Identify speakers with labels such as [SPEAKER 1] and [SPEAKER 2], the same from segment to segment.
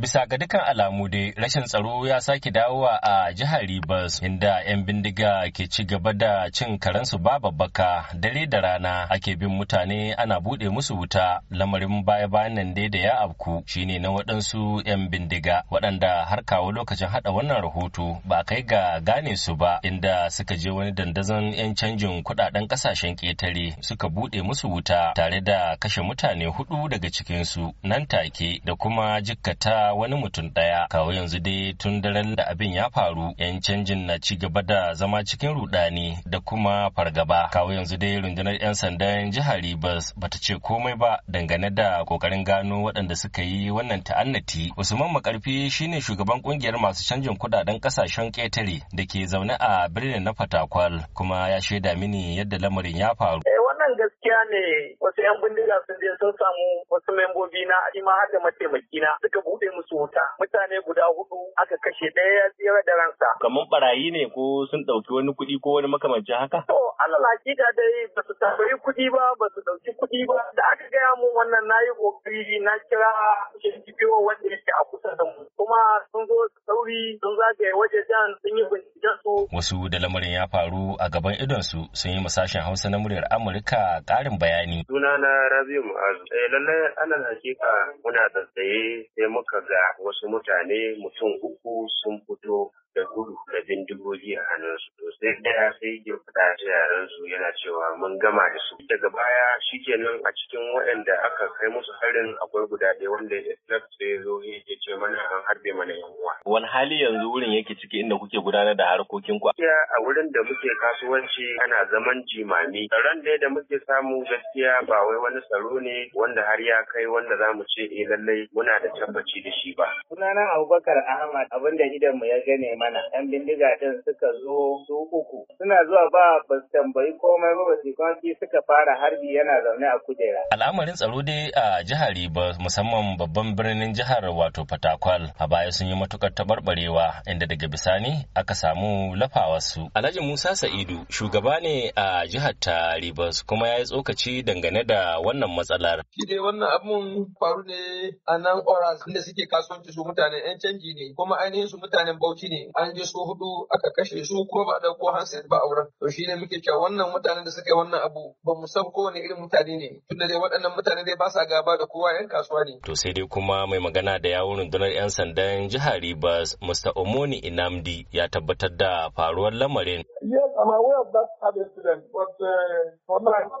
[SPEAKER 1] bisa ga dukkan alamu dai rashin tsaro ya sake dawowa a jihar Ribas. inda 'yan bindiga ke ci gaba da cin karensu babbaka dare da rana ake bin mutane ana bude musu wuta lamarin baya bayan nan dai da ya afku shine na waɗansu 'yan bindiga waɗanda har kawo lokacin haɗa wannan rahoto ba kai ga gane su ba inda suka je wani dandazon 'yan canjin kuɗaɗen ƙasashen ƙetare suka bude musu wuta tare da kashe mutane hudu daga cikinsu nan take da kuma jikkata wani mutum ɗaya. Kawo yanzu dai tun daren da abin ya faru, 'yan canjin na ci gaba da zama cikin rudani da kuma fargaba. Kawo yanzu dai rundunar 'yan sandan jihar ribas bata ce komai ba dangane da kokarin gano waɗanda suka yi wannan ta'annati. Usman Makarfi shine shugaban kungiyar masu canjin kudaden ƙasashen ƙetare da ke zaune a birnin na Fatakwal kuma ya shaida mini yadda lamarin ya faru.
[SPEAKER 2] Eh, wannan gaskiya ne wasu 'yan bindiga sun je sun samu wasu membobi na ima har da mataimaki na suka buɗe musu wuta. Mutane guda hudu aka kashe ɗaya ya tsira da ransa. Kamar
[SPEAKER 1] barayi ne ko sun ɗauki wani kuɗi ko wani makamancin haka? To
[SPEAKER 2] Allah hakika dai ba su tambayi kuɗi ba ba su ɗauki kuɗi ba. Da aka gaya mu wannan na yi ƙoƙari na kira shirkifiwa wanda yake a kusa da mu. Kuma sun zo sauri sun zagaye jan sun yi binciken su.
[SPEAKER 1] Wasu da lamarin ya faru a gaban idonsu sun yi masashen Hausa na muryar Amurka da ƙarin bayani.
[SPEAKER 2] Suna na Rabiu Mu'azu. Eh lallai alal hakika muna tsaye sai muka ga wasu mutane mutum uku sun fito da gudu da bindigogi a hannunsu to sai ɗaya sai ya faɗa ta yaran yana cewa mun gama da su daga baya shi shikenan a cikin waɗanda aka kai musu harin akwai guda ɗaya wanda ya sai zo ya ce mana harbe mana yan uwa.
[SPEAKER 1] Wani hali yanzu wurin yake ciki inda kuke gudanar da harkokin ku? Gaskiya
[SPEAKER 2] a wurin da muke kasuwanci ana zaman jimami. Tsaron dai da muke samu gaskiya ba wai wani tsaro ne wanda har ya kai wanda za mu ce eh lallai muna da tabbaci da shi ba. Sunana Abubakar Ahmad abin da idan mu ya gane mana yan bindiga din suka zo su uku. Suna zuwa ba ba su tambayi komai ba ba su kwanci suka fara harbi yana zaune a kujera.
[SPEAKER 1] Al'amarin tsaro dai a jihar Ribas musamman babban birnin jihar wato Fatakwal a baya sun yi matukar taɓarɓarewa inda daga bisani aka samu lafawarsu. Alhaji Musa Sa'idu shugaba ne a jihar ta Rivers kuma ya yi tsokaci dangane da wannan matsalar.
[SPEAKER 2] Shi dai wannan abun faru ne a nan Oras inda suke kasuwanci su mutane 'yan canji ne kuma ainihin su mutanen Bauchi ne an je su hudu aka kashe su ko ba da ko hanset ba auren. To shi ne muke cewa wannan mutanen da suke wannan abu ba mu san kowane irin mutane ne tunda dai waɗannan mutane dai ba sa gaba da kowa 'yan kasuwa ne.
[SPEAKER 1] To sai dai kuma mai magana da yawun rundunar 'yan sanda sandan jihar Rivers, Mr. Omoni Inamdi, ya tabbatar da faruwar lamarin. Yes, I'm aware of that incident, but uh, for now,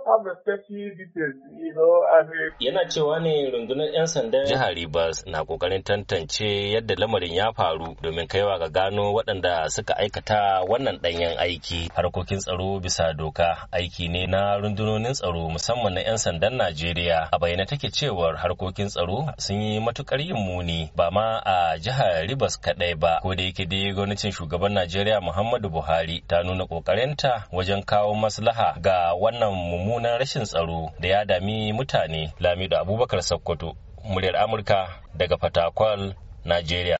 [SPEAKER 1] Yana cewa ne rundunar 'yan sandan jihar Rivers na kokarin tantance yadda lamarin ya faru domin kaiwa ga gano waɗanda suka aikata wannan ɗanyen aiki. Harkokin tsaro bisa doka aiki ne na rundunonin tsaro musamman na 'yan sandan Najeriya. A bayyana take cewar harkokin tsaro sun yi matukar yin muni ba ma a jihar Rivers kaɗai ba. Ko da yake dai gwamnatin shugaban Najeriya Muhammadu Buhari ta nuna ƙoƙarinta wajen kawo maslaha ga wannan mummunan mummunan rashin tsaro da ya dami mutane lamido abubakar sakkwato muryar amurka daga fatakwal najeriya